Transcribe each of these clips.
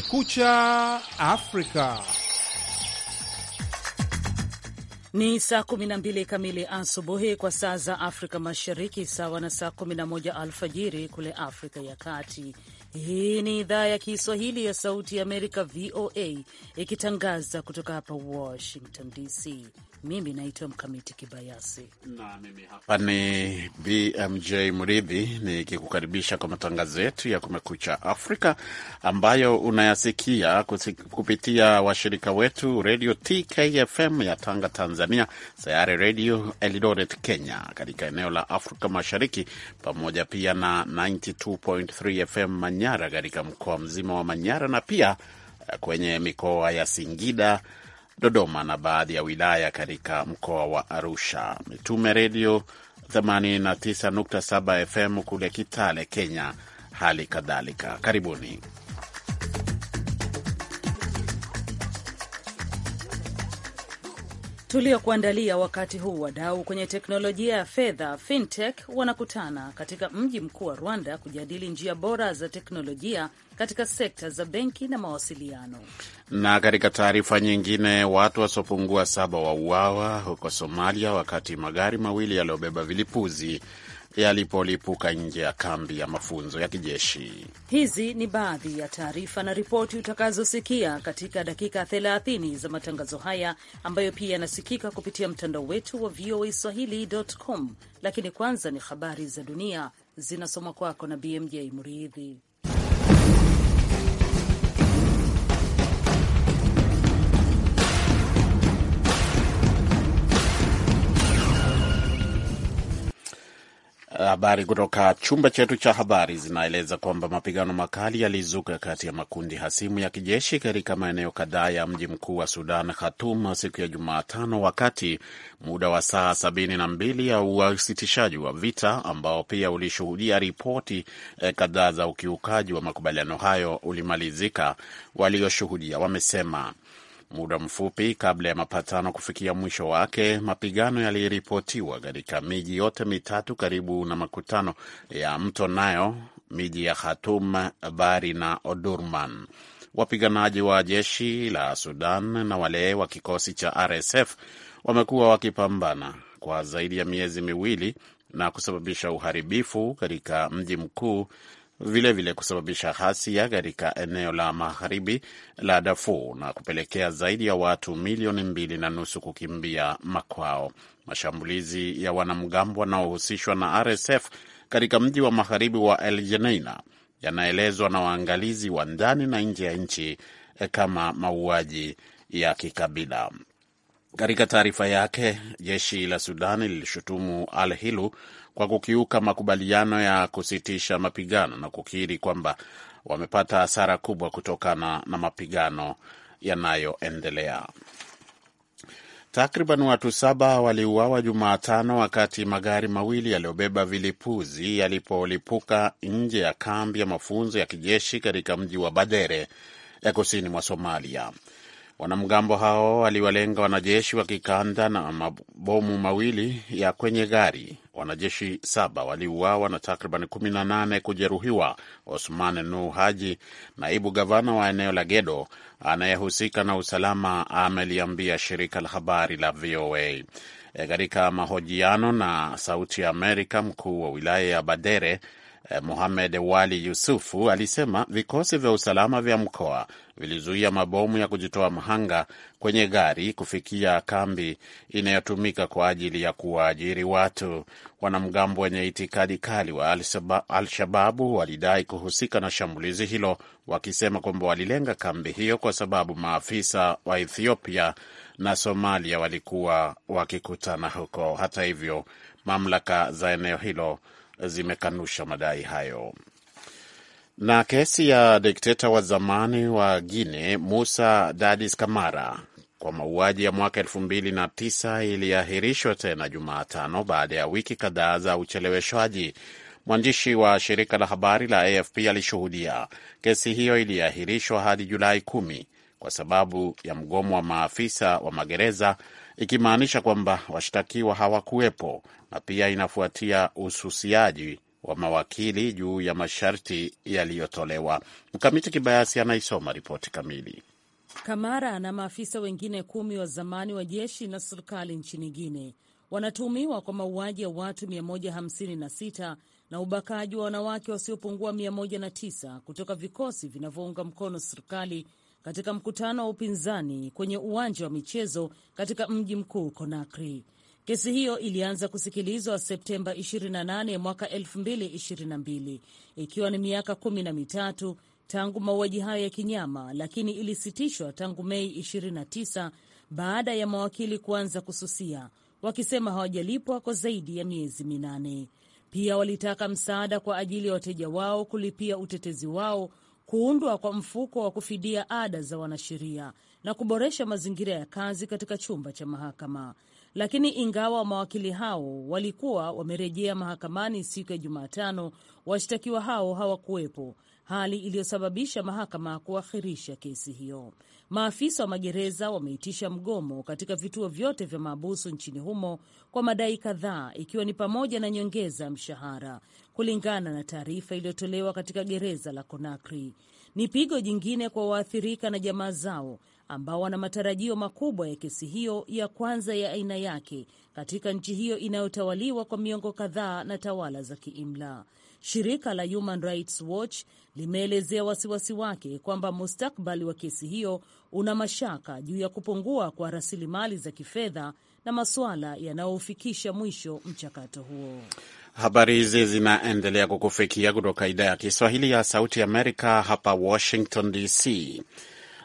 Kumekucha Afrika. Ni saa 12 kamili asubuhi kwa saa za Afrika Mashariki, sawa na saa 11 alfajiri kule Afrika ya Kati. Hii ni idhaa ya Kiswahili ya Sauti ya Amerika, VOA, ikitangaza kutoka hapa Washington DC. Mimi naitwa Mkamiti Kibayasi na mimi hapa ni BMJ Mridhi nikikukaribisha kwa matangazo yetu ya Kumekucha Afrika ambayo unayasikia kupitia washirika wetu redio TKFM ya Tanga, Tanzania, Sayare Redio Eldoret, Kenya, katika eneo la Afrika Mashariki, pamoja pia na 92.3 FM Manyara katika mkoa mzima wa Manyara na pia kwenye mikoa ya Singida Dodoma na baadhi ya wilaya katika mkoa wa Arusha. Mitume Redio 89.7 FM kule Kitale, Kenya hali kadhalika. Karibuni. tuliokuandalia wakati huu. Wadau kwenye teknolojia ya fedha fintech wanakutana katika mji mkuu wa Rwanda kujadili njia bora za teknolojia katika sekta za benki na mawasiliano. Na katika taarifa nyingine, watu wasiopungua saba wauawa huko Somalia wakati magari mawili yaliyobeba vilipuzi yalipolipuka nje ya kambi ya mafunzo ya kijeshi. Hizi ni baadhi ya taarifa na ripoti utakazosikia katika dakika 30 za matangazo haya ambayo pia yanasikika kupitia mtandao wetu wa VOA Swahili.com. Lakini kwanza ni habari za dunia zinasoma kwako na BMJ Mridhi. Habari kutoka chumba chetu cha habari zinaeleza kwamba mapigano makali yalizuka kati ya makundi hasimu ya kijeshi katika maeneo kadhaa ya mji mkuu wa Sudan, Khartoum, siku ya Jumatano, wakati muda wa saa sabini na mbili ya usitishaji wa vita ambao pia ulishuhudia ripoti eh, kadhaa za ukiukaji wa makubaliano hayo ulimalizika, walioshuhudia wamesema. Muda mfupi kabla ya mapatano kufikia mwisho wake, mapigano yaliripotiwa katika miji yote mitatu karibu na makutano ya mto Nayo, miji ya Khartoum, Bari na odurman Wapiganaji wa jeshi la Sudan na wale wa kikosi cha RSF wamekuwa wakipambana kwa zaidi ya miezi miwili na kusababisha uharibifu katika mji mkuu vilevile vile kusababisha hasia katika eneo la magharibi la Darfur na kupelekea zaidi ya watu milioni mbili na nusu kukimbia makwao. Mashambulizi ya wanamgambo wanaohusishwa na RSF katika mji wa magharibi wa El Geneina yanaelezwa na waangalizi wa ndani na nje ya nchi eh, kama mauaji ya kikabila. Katika taarifa yake, jeshi la Sudani lilishutumu Al Hilu kwa kukiuka makubaliano ya kusitisha mapigano na kukiri kwamba wamepata hasara kubwa kutokana na mapigano yanayoendelea. Takriban watu saba waliuawa Jumatano wakati magari mawili yaliyobeba vilipuzi yalipolipuka nje ya kambi ya mafunzo ya kijeshi katika mji wa Badere ya kusini mwa Somalia. Wanamgambo hao waliwalenga wanajeshi wa kikanda na mabomu mawili ya kwenye gari. Wanajeshi saba waliuawa na takriban kumi na nane kujeruhiwa. Osman Nu Haji, naibu gavana wa eneo la Gedo anayehusika na usalama, ameliambia shirika la habari la VOA e, katika mahojiano na Sauti ya Amerika. Mkuu wa wilaya ya Badere Eh, Mohamed Wali Yusufu alisema vikosi vya usalama vya mkoa vilizuia mabomu ya kujitoa mhanga kwenye gari kufikia kambi inayotumika kwa ajili ya kuwaajiri watu. Wanamgambo wenye itikadi kali wa Al-Shababu walidai kuhusika na shambulizi hilo, wakisema kwamba walilenga kambi hiyo kwa sababu maafisa wa Ethiopia na Somalia walikuwa wakikutana huko. Hata hivyo, mamlaka za eneo hilo zimekanusha madai hayo. Na kesi ya dikteta wa zamani wa Guine Musa Dadis Kamara kwa mauaji ya mwaka elfu mbili na tisa iliahirishwa tena Jumatano baada ya wiki kadhaa za ucheleweshwaji. Mwandishi wa shirika la habari la AFP alishuhudia kesi hiyo iliahirishwa hadi Julai kumi kwa sababu ya mgomo wa maafisa wa magereza ikimaanisha kwamba washtakiwa hawakuwepo, na pia inafuatia ususiaji wa mawakili juu ya masharti yaliyotolewa. Mkamiti Kibayasi anaisoma ripoti kamili. Kamara na maafisa wengine kumi wa zamani wa jeshi na serikali nchini Guine wanatuhumiwa kwa mauaji ya watu 156 na ubakaji wa wanawake wasiopungua 109 kutoka vikosi vinavyounga mkono serikali katika mkutano wa upinzani kwenye uwanja wa michezo katika mji mkuu Conakry. Kesi hiyo ilianza kusikilizwa Septemba 28 mwaka 2022 ikiwa ni miaka kumi na mitatu tangu mauaji hayo ya kinyama, lakini ilisitishwa tangu Mei 29 baada ya mawakili kuanza kususia, wakisema hawajalipwa kwa zaidi ya miezi minane. Pia walitaka msaada kwa ajili ya wateja wao kulipia utetezi wao kuundwa kwa mfuko wa kufidia ada za wanasheria na kuboresha mazingira ya kazi katika chumba cha mahakama. Lakini ingawa mawakili hao walikuwa wamerejea mahakamani siku ya Jumatano, washtakiwa hao hawakuwepo hali iliyosababisha mahakama kuakhirisha kesi hiyo. Maafisa wa magereza wameitisha mgomo katika vituo vyote vya maabusu nchini humo kwa madai kadhaa, ikiwa ni pamoja na nyongeza ya mshahara, kulingana na taarifa iliyotolewa katika gereza la Conakry. Ni pigo jingine kwa waathirika na jamaa zao ambao wana matarajio makubwa ya kesi hiyo ya kwanza ya aina yake katika nchi hiyo inayotawaliwa kwa miongo kadhaa na tawala za kiimla. Shirika la Human Rights Watch limeelezea wasiwasi wake kwamba mustakbali wa kesi hiyo una mashaka juu ya kupungua kwa rasilimali za kifedha na masuala yanayofikisha mwisho mchakato huo. Habari hizi zinaendelea kukufikia kutoka idhaa ya Kiswahili ya Sauti ya Amerika hapa Washington DC.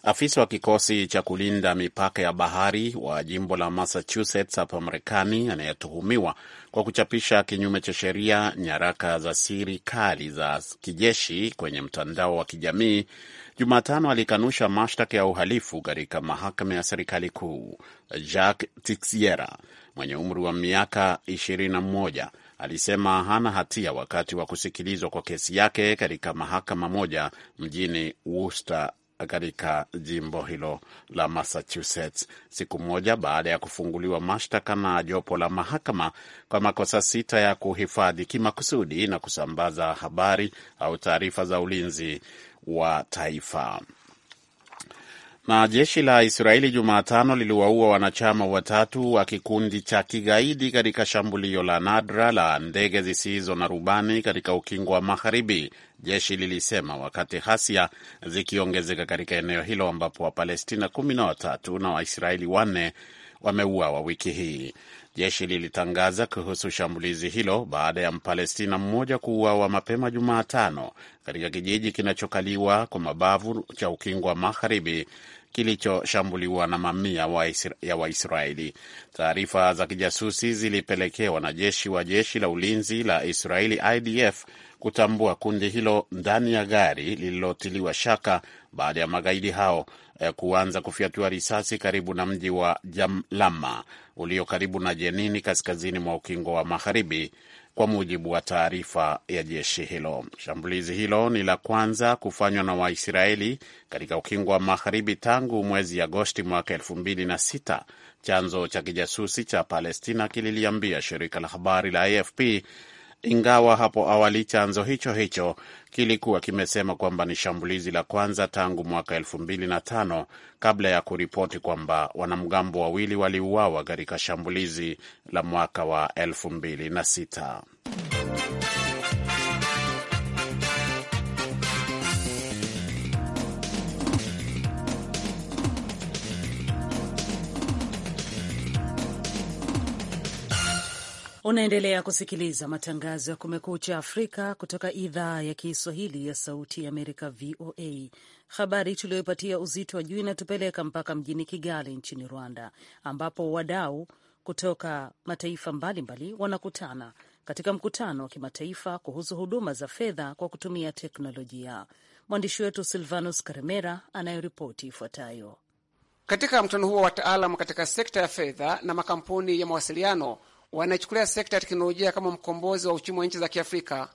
Afisa wa kikosi cha kulinda mipaka ya bahari wa jimbo la Massachusetts hapa Marekani, anayetuhumiwa kwa kuchapisha kinyume cha sheria nyaraka za siri kali za kijeshi kwenye mtandao wa kijamii, Jumatano alikanusha mashtaka ya uhalifu katika mahakama ya serikali kuu. Jack tixiera mwenye umri wa miaka 21 alisema hana hatia wakati wa kusikilizwa kwa kesi yake katika mahakama moja mjini Worcester, katika jimbo hilo la Massachusetts siku moja baada ya kufunguliwa mashtaka na jopo la mahakama kwa makosa sita ya kuhifadhi kimakusudi na kusambaza habari au taarifa za ulinzi wa taifa. Na jeshi la Israeli Jumatano liliwaua wanachama watatu wa kikundi cha kigaidi katika shambulio la nadra la ndege zisizo na rubani katika ukingo wa Magharibi, jeshi lilisema, wakati hasia zikiongezeka katika eneo hilo ambapo Wapalestina kumi na watatu na Waisraeli wanne wameuawa wiki hii. Jeshi lilitangaza kuhusu shambulizi hilo baada ya Mpalestina mmoja kuuawa mapema Jumatano katika kijiji kinachokaliwa kwa mabavu cha Ukingo wa Magharibi kilichoshambuliwa na mamia ya Waisraeli. Taarifa za kijasusi zilipelekea wanajeshi wa jeshi la ulinzi la Israeli IDF kutambua kundi hilo ndani ya gari lililotiliwa shaka baada ya magaidi hao Eh, kuanza kufyatua risasi karibu na mji wa Jamlama ulio karibu na Jenini, kaskazini mwa ukingo wa Magharibi, kwa mujibu wa taarifa ya jeshi hilo. Shambulizi hilo ni la kwanza kufanywa na Waisraeli katika ukingo wa Magharibi tangu mwezi Agosti mwaka elfu mbili na sita, chanzo cha kijasusi cha Palestina kililiambia shirika la habari la AFP ingawa hapo awali chanzo hicho hicho kilikuwa kimesema kwamba ni shambulizi la kwanza tangu mwaka elfu mbili na tano kabla ya kuripoti kwamba wanamgambo wawili waliuawa katika shambulizi la mwaka wa elfu mbili na sita. Unaendelea kusikiliza matangazo ya Kumekucha Afrika kutoka idhaa ya Kiswahili ya Sauti ya Amerika, VOA. Habari tuliyoipatia uzito wa juu inatupeleka mpaka mjini Kigali nchini Rwanda, ambapo wadau kutoka mataifa mbalimbali mbali wanakutana katika mkutano wa kimataifa kuhusu huduma za fedha kwa kutumia teknolojia. Mwandishi wetu Silvanus Karemera anayoripoti ifuatayo. Katika mkutano huo, wataalam katika sekta ya fedha na makampuni ya mawasiliano wanachukulia sekta ya teknolojia kama mkombozi wa uchumi wa nchi za Kiafrika.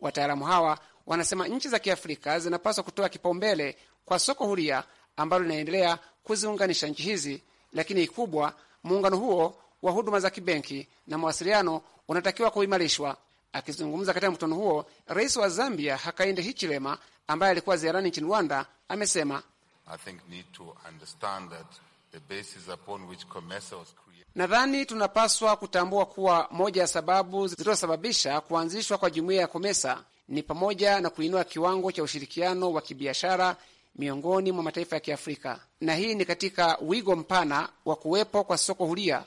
Wataalamu hawa wanasema nchi za Kiafrika zinapaswa kutoa kipaumbele kwa soko huria ambalo linaendelea kuziunganisha nchi hizi, lakini ikubwa, muungano huo wa huduma za kibenki na mawasiliano unatakiwa kuimarishwa. Akizungumza katika mkutano huo, rais wa Zambia Hakainde Hichilema ambaye alikuwa ziarani nchini Rwanda amesema I think need to Nadhani tunapaswa kutambua kuwa moja ya sababu zilizosababisha kuanzishwa kwa jumuiya ya COMESA ni pamoja na kuinua kiwango cha ushirikiano wa kibiashara miongoni mwa mataifa ya Kiafrika, na hii ni katika wigo mpana wa kuwepo kwa soko huria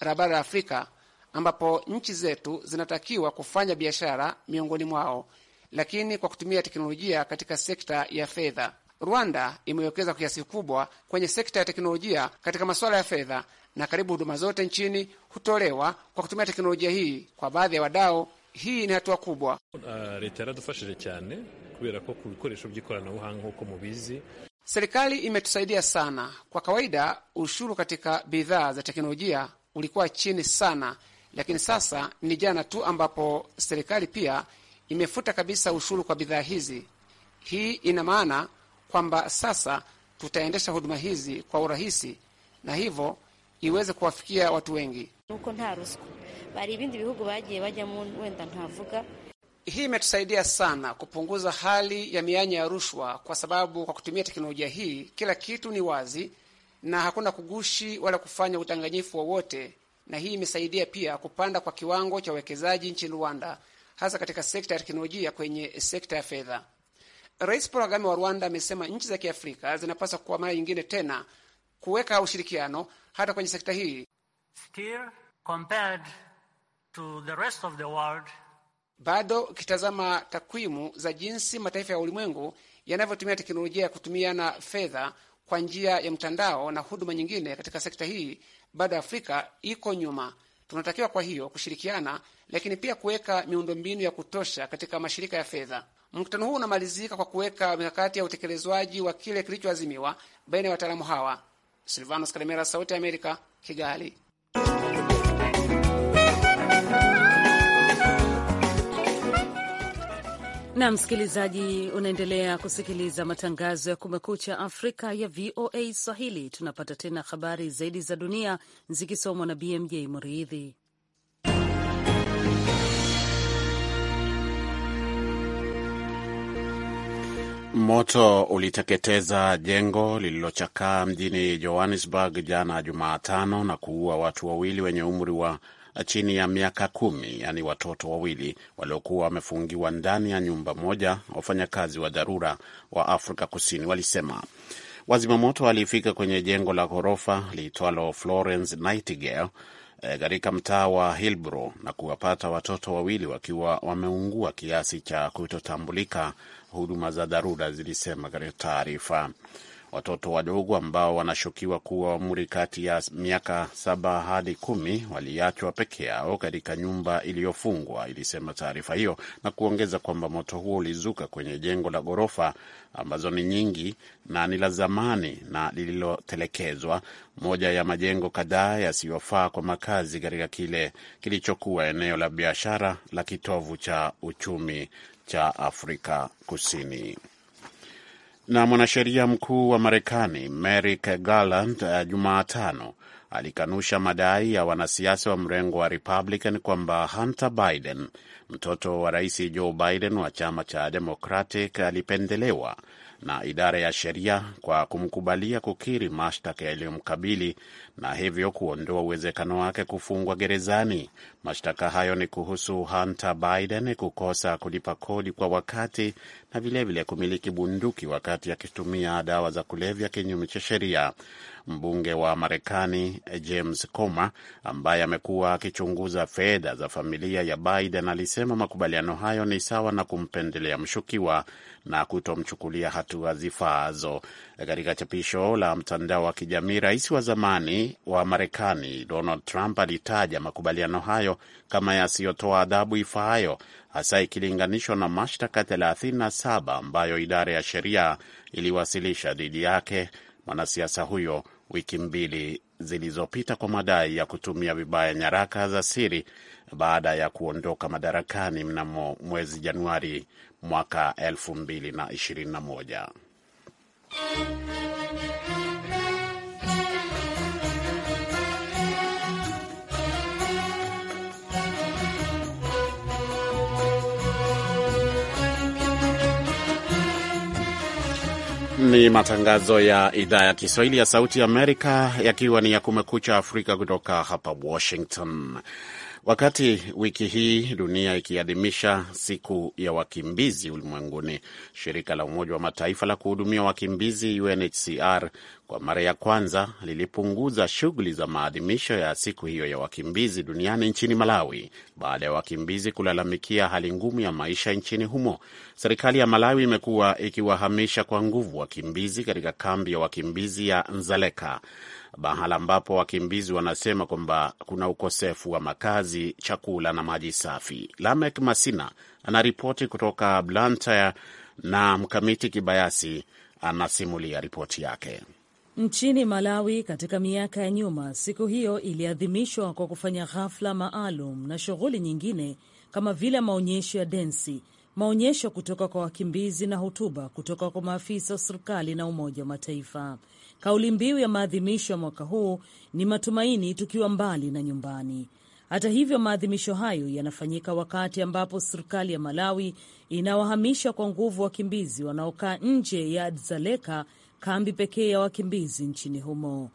la bara la Afrika, ambapo nchi zetu zinatakiwa kufanya biashara miongoni mwao, lakini kwa kutumia teknolojia katika sekta ya fedha. Rwanda imewekeza kwa kiasi kikubwa kwenye sekta ya teknolojia katika masuala ya fedha, na karibu huduma zote nchini hutolewa kwa kutumia teknolojia hii kwa baadhi ya wadau. Hii ni hatua kubwa. Uh, leta yaradufashije cyane kubera ko ku bikoresho by'ikoranabuhanga nkuko mubizi Serikali imetusaidia sana. Kwa kawaida ushuru katika bidhaa za teknolojia ulikuwa chini sana, lakini sasa ni jana tu ambapo serikali pia imefuta kabisa ushuru kwa bidhaa hizi. Hii ina maana kwamba sasa tutaendesha huduma hizi kwa urahisi na hivyo iweze kuwafikia watu wengi. Hii imetusaidia sana kupunguza hali ya mianya ya rushwa, kwa sababu kwa kutumia teknolojia hii kila kitu ni wazi na hakuna kugushi wala kufanya udanganyifu wowote. Na hii imesaidia pia kupanda kwa kiwango cha uwekezaji nchini Rwanda, hasa katika sekta ya teknolojia kwenye sekta ya fedha. Rais Paul Kagame wa Rwanda amesema nchi za Kiafrika zinapaswa kwa mara nyingine tena kuweka ushirikiano hata kwenye sekta hii. Still compared to the rest of the world, bado ukitazama takwimu za jinsi mataifa ya ulimwengu yanavyotumia teknolojia ya kutumiana fedha kwa njia ya mtandao na huduma nyingine katika sekta hii, bado Afrika iko nyuma. Tunatakiwa kwa hiyo kushirikiana, lakini pia kuweka miundombinu ya kutosha katika mashirika ya fedha. Mkutano huu unamalizika kwa kuweka mikakati ya utekelezwaji wa kile kilichoazimiwa baina ya wataalamu hawa. Silvanos Kalemera, Sauti ya Amerika, Kigali. na msikilizaji, unaendelea kusikiliza matangazo ya Kumekucha Afrika ya VOA Swahili. Tunapata tena habari zaidi za dunia zikisomwa na BMJ Muridhi. Moto uliteketeza jengo lililochakaa mjini Johannesburg jana Jumatano na kuua watu wawili wenye umri wa chini ya miaka kumi, yaani watoto wawili waliokuwa wamefungiwa ndani ya nyumba moja, wafanyakazi wa dharura wa Afrika Kusini walisema. Wazimamoto walifika kwenye jengo la ghorofa liitwalo Florence Nightingale eh, katika e, mtaa wa Hillbrow na kuwapata watoto wawili wakiwa wameungua kiasi cha kutotambulika, huduma za dharura zilisema katika taarifa. Watoto wadogo ambao wanashukiwa kuwa umri kati ya miaka saba hadi kumi waliachwa peke yao katika nyumba iliyofungwa, ilisema taarifa hiyo, na kuongeza kwamba moto huo ulizuka kwenye jengo la ghorofa ambazo ni nyingi na ni la zamani na lililotelekezwa, moja ya majengo kadhaa yasiyofaa kwa makazi katika kile kilichokuwa eneo la biashara la kitovu cha uchumi cha Afrika Kusini. Na mwanasheria mkuu wa Marekani Merrick Garland eh, Jumatano alikanusha madai ya wanasiasa wa mrengo wa Republican kwamba Hunter Biden, mtoto wa rais Joe Biden wa chama cha Democratic, alipendelewa na idara ya sheria kwa kumkubalia kukiri mashtaka yaliyomkabili na hivyo kuondoa uwezekano wake kufungwa gerezani. Mashtaka hayo ni kuhusu Hunter Biden kukosa kulipa kodi kwa wakati na vilevile vile kumiliki bunduki wakati akitumia dawa za kulevya kinyume cha sheria. Mbunge wa Marekani James Comer ambaye amekuwa akichunguza fedha za familia ya Biden alisema makubaliano hayo ni sawa na kumpendelea mshukiwa na kutomchukulia hatua zifaazo. Katika chapisho la mtandao wa kijamii, rais wa zamani wa Marekani Donald Trump alitaja makubaliano hayo kama yasiyotoa adhabu ifaayo, hasa ikilinganishwa na mashtaka 37 ambayo idara ya sheria iliwasilisha dhidi yake mwanasiasa huyo wiki mbili zilizopita kwa madai ya kutumia vibaya nyaraka za siri baada ya kuondoka madarakani mnamo mwezi Januari mwaka 2021. Ni matangazo ya idhaa ya Kiswahili ya Sauti ya Amerika yakiwa ni ya Kumekucha Afrika kutoka hapa Washington. Wakati wiki hii dunia ikiadhimisha siku ya wakimbizi ulimwenguni, shirika la Umoja wa Mataifa la kuhudumia wakimbizi UNHCR kwa mara ya kwanza lilipunguza shughuli za maadhimisho ya siku hiyo ya wakimbizi duniani nchini Malawi baada ya wakimbizi kulalamikia hali ngumu ya maisha nchini humo. Serikali ya Malawi imekuwa ikiwahamisha kwa nguvu wakimbizi katika kambi ya wakimbizi ya Nzaleka mahala ambapo wakimbizi wanasema kwamba kuna ukosefu wa makazi, chakula na maji safi. Lamek Masina anaripoti kutoka Blantyre na Mkamiti Kibayasi anasimulia ripoti yake. Nchini Malawi katika miaka ya nyuma, siku hiyo iliadhimishwa kwa kufanya ghafla maalum na shughuli nyingine kama vile maonyesho ya densi maonyesho kutoka kwa wakimbizi na hotuba kutoka kwa maafisa wa serikali na Umoja wa Mataifa. Kauli mbiu ya maadhimisho ya mwaka huu ni matumaini tukiwa mbali na nyumbani. Hata hivyo, maadhimisho hayo yanafanyika wakati ambapo serikali ya Malawi inawahamisha kwa nguvu wakimbizi wanaokaa nje ya Dzaleka, kambi pekee ya wakimbizi nchini humo.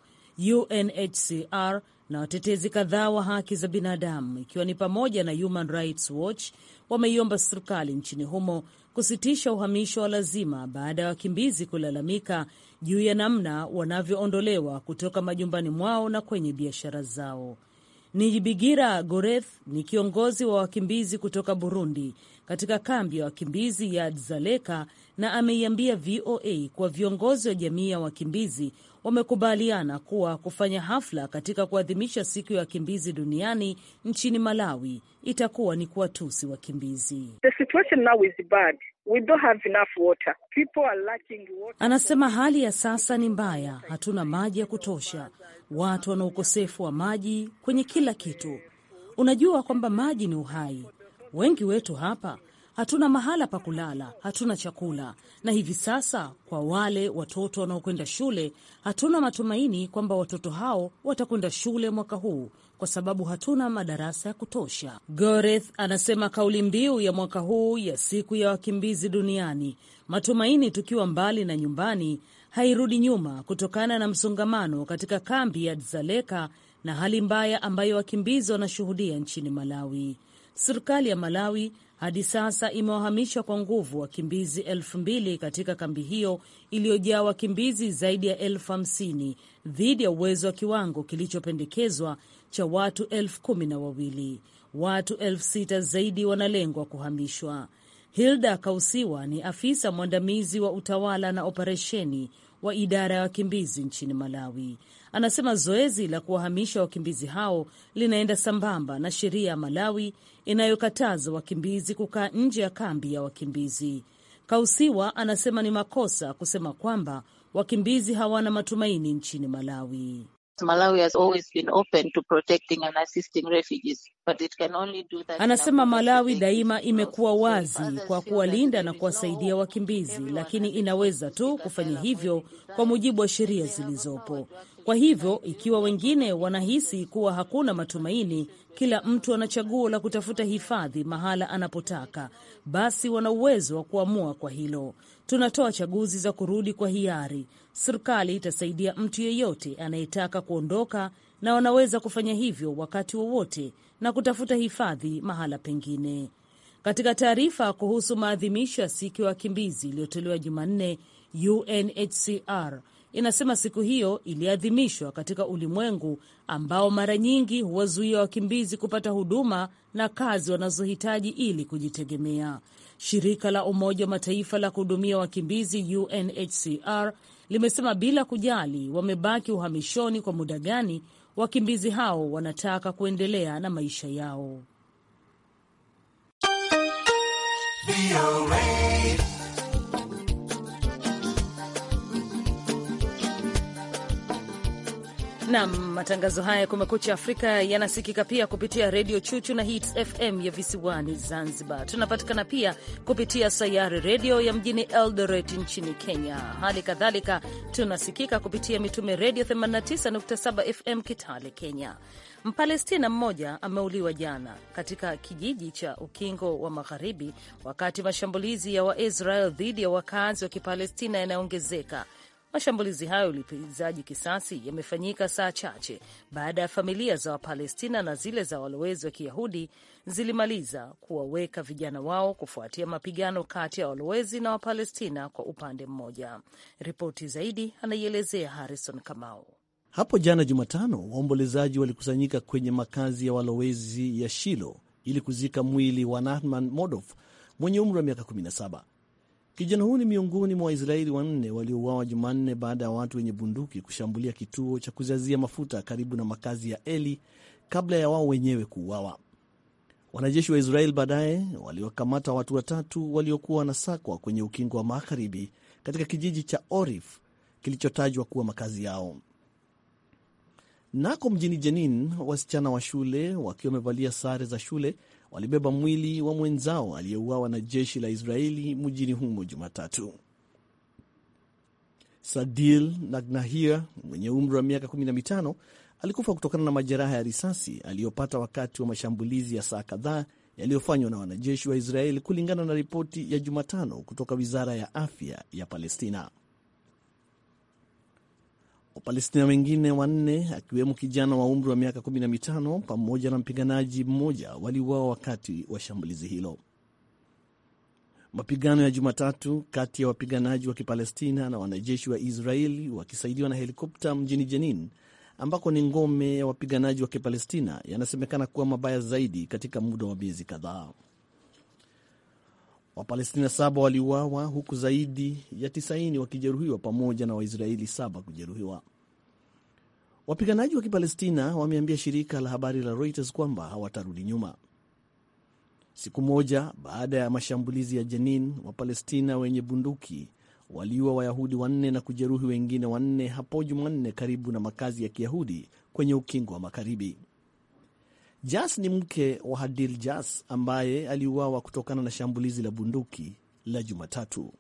UNHCR na watetezi kadhaa wa haki za binadamu ikiwa ni pamoja na Human Rights Watch wameiomba serikali nchini humo kusitisha uhamisho wa lazima baada ya wakimbizi kulalamika juu ya namna wanavyoondolewa kutoka majumbani mwao na kwenye biashara zao. ni jibigira Goreth ni kiongozi wa wakimbizi kutoka Burundi katika kambi ya wakimbizi ya Dzaleka na ameiambia VOA kuwa viongozi wa jamii ya wakimbizi wamekubaliana kuwa kufanya hafla katika kuadhimisha siku ya wakimbizi duniani nchini Malawi itakuwa ni kuwatusi wakimbizi. Anasema hali ya sasa ni mbaya, hatuna maji ya kutosha, watu wana ukosefu wa maji kwenye kila kitu. Unajua kwamba maji ni uhai. Wengi wetu hapa hatuna mahala pa kulala, hatuna chakula, na hivi sasa kwa wale watoto wanaokwenda shule, hatuna matumaini kwamba watoto hao watakwenda shule mwaka huu kwa sababu hatuna madarasa ya kutosha. Goreth anasema kauli mbiu ya mwaka huu ya siku ya wakimbizi duniani, matumaini tukiwa mbali na nyumbani, hairudi nyuma kutokana na msongamano katika kambi ya Dzaleka na hali mbaya ambayo wakimbizi wanashuhudia nchini Malawi. Serikali ya Malawi hadi sasa imewahamisha kwa nguvu wakimbizi elfu mbili katika kambi hiyo iliyojaa wakimbizi zaidi ya elfu hamsini dhidi ya uwezo wa kiwango kilichopendekezwa cha watu elfu kumi na wawili. Watu elfu sita zaidi wanalengwa kuhamishwa. Hilda Kausiwa ni afisa mwandamizi wa utawala na operesheni wa idara ya wakimbizi nchini Malawi. Anasema zoezi la kuwahamisha wakimbizi hao linaenda sambamba na sheria ya Malawi inayokataza wakimbizi kukaa nje ya kambi ya wakimbizi. Kausiwa anasema ni makosa kusema kwamba wakimbizi hawana matumaini nchini Malawi. Anasema Malawi daima imekuwa wazi kwa kuwalinda na kuwasaidia wakimbizi, lakini inaweza tu kufanya hivyo kwa mujibu wa sheria zilizopo. Kwa hivyo ikiwa wengine wanahisi kuwa hakuna matumaini, kila mtu ana chaguo la kutafuta hifadhi mahala anapotaka, basi wana uwezo wa kuamua kwa hilo. Tunatoa chaguzi za kurudi kwa hiari. Serikali itasaidia mtu yeyote anayetaka kuondoka, na wanaweza kufanya hivyo wakati wowote na kutafuta hifadhi mahala pengine. Katika taarifa kuhusu maadhimisho ya siku ya wakimbizi iliyotolewa Jumanne, UNHCR inasema siku hiyo iliadhimishwa katika ulimwengu ambao mara nyingi huwazuia wakimbizi kupata huduma na kazi wanazohitaji ili kujitegemea. Shirika la Umoja wa Mataifa la kuhudumia wakimbizi UNHCR limesema bila kujali wamebaki uhamishoni kwa muda gani, wakimbizi hao wanataka kuendelea na maisha yao. Nam, matangazo haya ya Kumekucha Afrika yanasikika pia kupitia redio Chuchu na Hits FM ya visiwani Zanzibar. Tunapatikana pia kupitia Sayari Redio ya mjini Eldoret nchini Kenya. Hali kadhalika tunasikika kupitia Mitume Redio 89.7 FM Kitale, Kenya. Mpalestina mmoja ameuliwa jana katika kijiji cha Ukingo wa Magharibi wakati mashambulizi ya Waisrael dhidi ya wakazi wa Kipalestina yanayoongezeka Mashambulizi hayo ulipizaji kisasi yamefanyika saa chache baada ya familia za Wapalestina na zile za walowezi wa Kiyahudi zilimaliza kuwaweka vijana wao kufuatia mapigano kati ya walowezi na Wapalestina kwa upande mmoja. Ripoti zaidi anaielezea Harrison Kamau. Hapo jana Jumatano, waombolezaji walikusanyika kwenye makazi ya walowezi ya Shilo ili kuzika mwili wa Nahman Modof mwenye umri wa miaka 17. Kijana huu ni miongoni mwa Waisraeli wanne waliouawa Jumanne baada ya watu wenye bunduki kushambulia kituo cha kuzazia mafuta karibu na makazi ya Eli kabla ya wao wenyewe kuuawa. Wanajeshi wa Israeli baadaye waliwakamata watu watatu waliokuwa wanasakwa kwenye ukingo wa magharibi katika kijiji cha Orif kilichotajwa kuwa makazi yao. Nako mjini Jenin, wasichana wa shule wakiwa wamevalia sare za shule walibeba mwili wa mwenzao aliyeuawa na jeshi la Israeli mjini humo Jumatatu. Sadil Nagnahia mwenye umri wa miaka 15 alikufa kutokana na majeraha ya risasi aliyopata wakati wa mashambulizi ya saa kadhaa yaliyofanywa na wanajeshi wa Israeli, kulingana na ripoti ya Jumatano kutoka wizara ya afya ya Palestina. Wapalestina wengine wanne akiwemo kijana wa umri wa miaka 15 pamoja na mpiganaji mmoja waliuawa wakati wa shambulizi hilo. Mapigano ya Jumatatu kati ya wapiganaji wa Kipalestina na wanajeshi wa Israeli wakisaidiwa na helikopta mjini Jenin, ambako ni ngome ya wapiganaji wa Kipalestina, yanasemekana kuwa mabaya zaidi katika muda wa miezi kadhaa. Wapalestina saba waliuawa huku zaidi ya 90 wakijeruhiwa pamoja na Waisraeli saba kujeruhiwa. Wapiganaji wa Kipalestina wameambia shirika la habari la Reuters kwamba hawatarudi nyuma. Siku moja baada ya mashambulizi ya Jenin, Wapalestina wenye bunduki waliua Wayahudi wanne na kujeruhi wengine wanne hapo Jumanne karibu na makazi ya Kiyahudi kwenye ukingo wa Magharibi. Jas ni mke wa Hadil Jas ambaye aliuawa kutokana na shambulizi la bunduki la Jumatatu.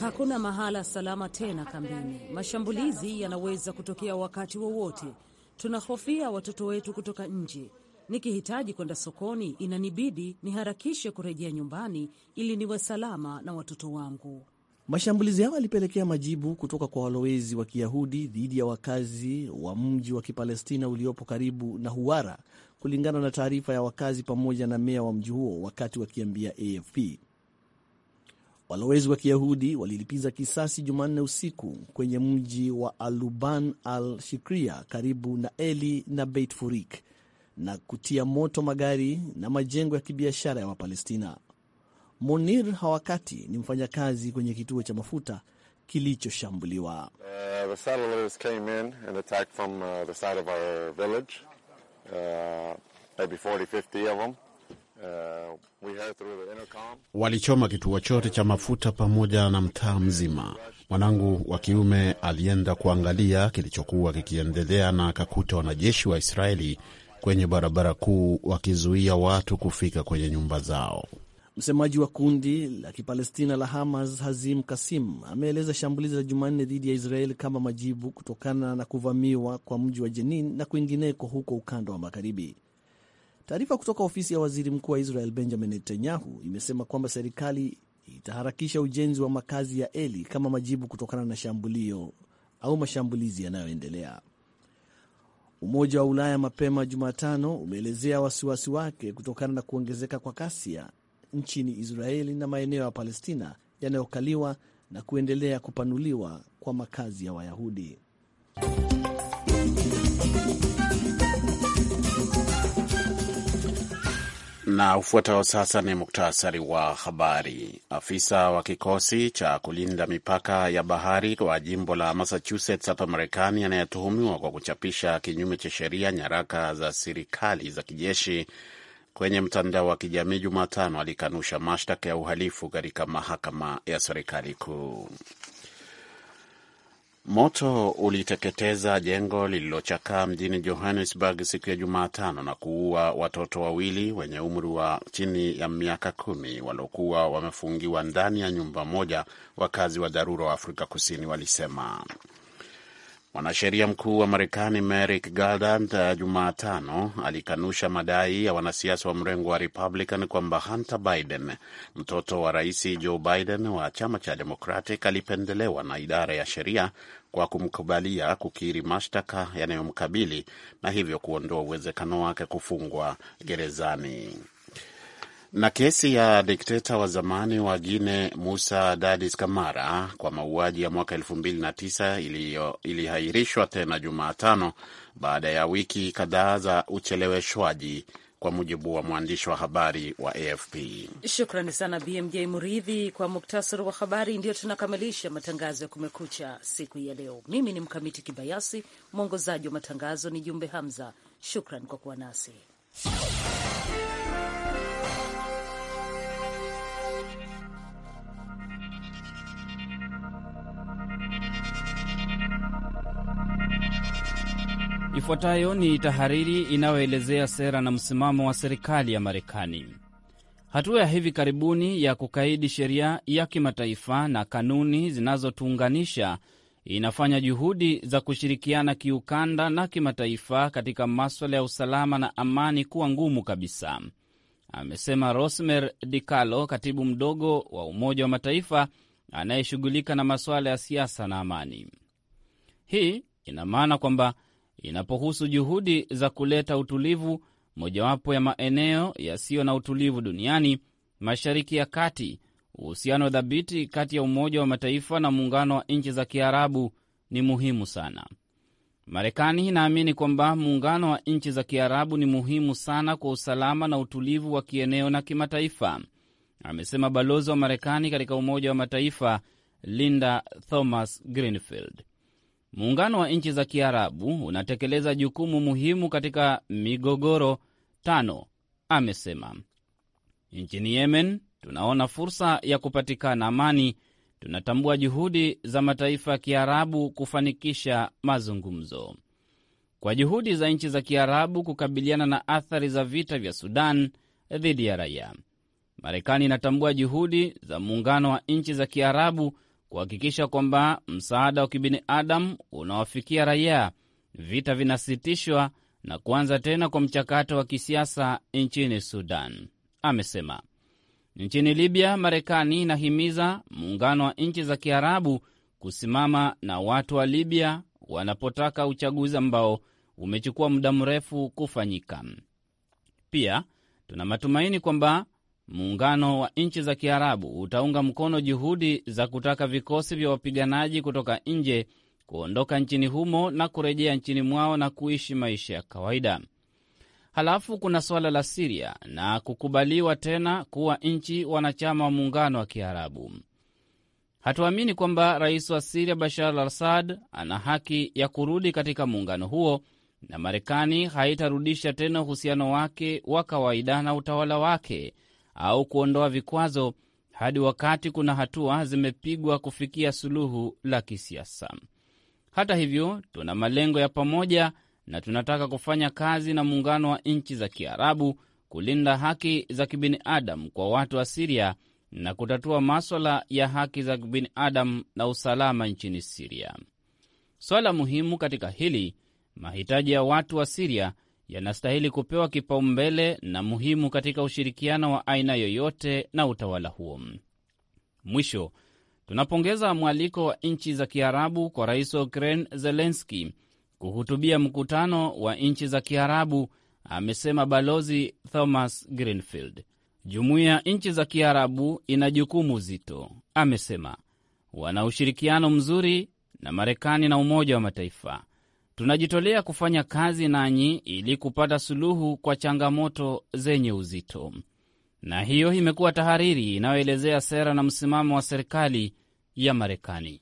Hakuna mahala salama tena kambini. Mashambulizi yanaweza kutokea wakati wowote. wa tunahofia watoto wetu kutoka nje. Nikihitaji kwenda sokoni, inanibidi niharakishe kurejea nyumbani ili niwe salama na watoto wangu. Mashambulizi hayo yalipelekea majibu kutoka kwa walowezi wa Kiyahudi dhidi ya wakazi wa mji wa Kipalestina uliopo karibu na Huwara, kulingana na taarifa ya wakazi pamoja na meya wa mji huo wakati wakiambia AFP. Walowezi wa Kiyahudi walilipiza kisasi Jumanne usiku kwenye mji wa Aluban al Shikria karibu na Eli na Beit Furik na kutia moto magari na majengo ya kibiashara ya Wapalestina. Munir Hawakati ni mfanyakazi kwenye kituo cha mafuta kilichoshambuliwa. Uh, uh, uh, Walichoma kituo chote cha mafuta pamoja na mtaa mzima. Mwanangu wa kiume alienda kuangalia kilichokuwa kikiendelea na akakuta wanajeshi wa Israeli kwenye barabara kuu wakizuia watu kufika kwenye nyumba zao. Msemaji wa kundi la Kipalestina la Hamas Hazim Kasim ameeleza shambulizi la Jumanne dhidi ya Israeli kama majibu kutokana na kuvamiwa kwa mji wa Jenin na kwingineko huko ukanda wa Magharibi. Taarifa kutoka ofisi ya waziri mkuu wa Israel Benjamin Netanyahu imesema kwamba serikali itaharakisha ujenzi wa makazi ya Eli kama majibu kutokana na shambulio au mashambulizi yanayoendelea. Umoja wa Ulaya mapema Jumatano umeelezea wasiwasi wake kutokana na kuongezeka kwa kasia nchini Israeli na maeneo ya Palestina yanayokaliwa na kuendelea kupanuliwa kwa makazi ya Wayahudi. Na ufuatao sasa ni muktasari wa habari. Afisa wa kikosi cha kulinda mipaka ya bahari wa jimbo la Massachusetts hapa Marekani, anayetuhumiwa kwa kuchapisha kinyume cha sheria nyaraka za serikali za kijeshi kwenye mtandao wa kijamii Jumatano alikanusha mashtaka ya uhalifu katika mahakama ya serikali kuu. Moto uliteketeza jengo lililochakaa mjini Johannesburg siku ya Jumatano na kuua watoto wawili wenye umri wa chini ya miaka kumi waliokuwa wamefungiwa ndani ya nyumba moja, wakazi wa dharura wa Afrika Kusini walisema. Mwanasheria mkuu wa Marekani Merrick Garland Jumatano alikanusha madai ya wanasiasa wa mrengo wa Republican kwamba Hunter Biden, mtoto wa rais Joe Biden wa chama cha Democratic, alipendelewa na idara ya sheria kwa kumkubalia kukiri mashtaka yanayomkabili na hivyo kuondoa uwezekano wake kufungwa gerezani. Na kesi ya dikteta wa zamani wa Guine Musa Dadis Kamara kwa mauaji ya mwaka tisa ilihairishwa tena Jumatano baada ya wiki kadhaa za ucheleweshwaji kwa mujibu wa mwandishi wa habari wa AFP. Shukrani sana BMJ Muridhi kwa muktasari wa habari. Ndiyo tunakamilisha matangazo ya Kumekucha siku ya leo. Mimi ni Mkamiti Kibayasi, mwongozaji wa matangazo ni Jumbe Hamza. Shukran kwa kuwa nasi. Ifuatayo ni tahariri inayoelezea sera na msimamo wa serikali ya Marekani. Hatua ya hivi karibuni ya kukaidi sheria ya kimataifa na kanuni zinazotuunganisha inafanya juhudi za kushirikiana kiukanda na kimataifa katika maswala ya usalama na amani kuwa ngumu kabisa, amesema Rosmer DiCarlo, katibu mdogo wa Umoja wa Mataifa anayeshughulika na masuala ya siasa na amani. Hii ina maana kwamba inapohusu juhudi za kuleta utulivu, mojawapo ya maeneo yasiyo na utulivu duniani, Mashariki ya Kati. Uhusiano dhabiti kati ya Umoja wa Mataifa na Muungano wa Nchi za Kiarabu ni muhimu sana. Marekani inaamini kwamba Muungano wa Nchi za Kiarabu ni muhimu sana kwa usalama na utulivu wa kieneo na kimataifa, amesema balozi wa Marekani katika Umoja wa Mataifa Linda Thomas Greenfield. Muungano wa nchi za Kiarabu unatekeleza jukumu muhimu katika migogoro tano, amesema. Nchini Yemen tunaona fursa ya kupatikana amani. Tunatambua juhudi za mataifa ya Kiarabu kufanikisha mazungumzo. Kwa juhudi za nchi za Kiarabu kukabiliana na athari za vita vya Sudan dhidi ya raia, Marekani inatambua juhudi za muungano wa nchi za Kiarabu kuhakikisha kwamba msaada wa kibinadamu unawafikia raia, vita vinasitishwa na kuanza tena kwa mchakato wa kisiasa nchini Sudan, amesema. Nchini Libya, Marekani inahimiza muungano wa nchi za Kiarabu kusimama na watu wa Libya wanapotaka uchaguzi ambao umechukua muda mrefu kufanyika. Pia tuna matumaini kwamba Muungano wa nchi za Kiarabu utaunga mkono juhudi za kutaka vikosi vya wapiganaji kutoka nje kuondoka nchini humo na kurejea nchini mwao na kuishi maisha ya kawaida. Halafu kuna suala la Siria na kukubaliwa tena kuwa nchi wanachama wa muungano wa Kiarabu. Hatuamini kwamba rais wa Siria Bashar al Assad ana haki ya kurudi katika muungano huo, na Marekani haitarudisha tena uhusiano wake wa kawaida na utawala wake au kuondoa vikwazo hadi wakati kuna hatua zimepigwa kufikia suluhu la kisiasa. Hata hivyo, tuna malengo ya pamoja na tunataka kufanya kazi na muungano wa nchi za Kiarabu kulinda haki za kibinadamu kwa watu wa Siria na kutatua maswala ya haki za kibinadamu na usalama nchini Siria. Swala muhimu katika hili, mahitaji ya watu wa Siria yanastahili kupewa kipaumbele na muhimu katika ushirikiano wa aina yoyote na utawala huo. Mwisho, tunapongeza mwaliko wa nchi za Kiarabu kwa rais wa Ukraine Zelenski kuhutubia mkutano wa nchi za Kiarabu, amesema Balozi Thomas Greenfield. Jumuiya ya nchi za Kiarabu ina jukumu zito, amesema. Wana ushirikiano mzuri na Marekani na Umoja wa Mataifa. Tunajitolea kufanya kazi nanyi ili kupata suluhu kwa changamoto zenye uzito. Na hiyo imekuwa tahariri inayoelezea sera na msimamo wa serikali ya Marekani.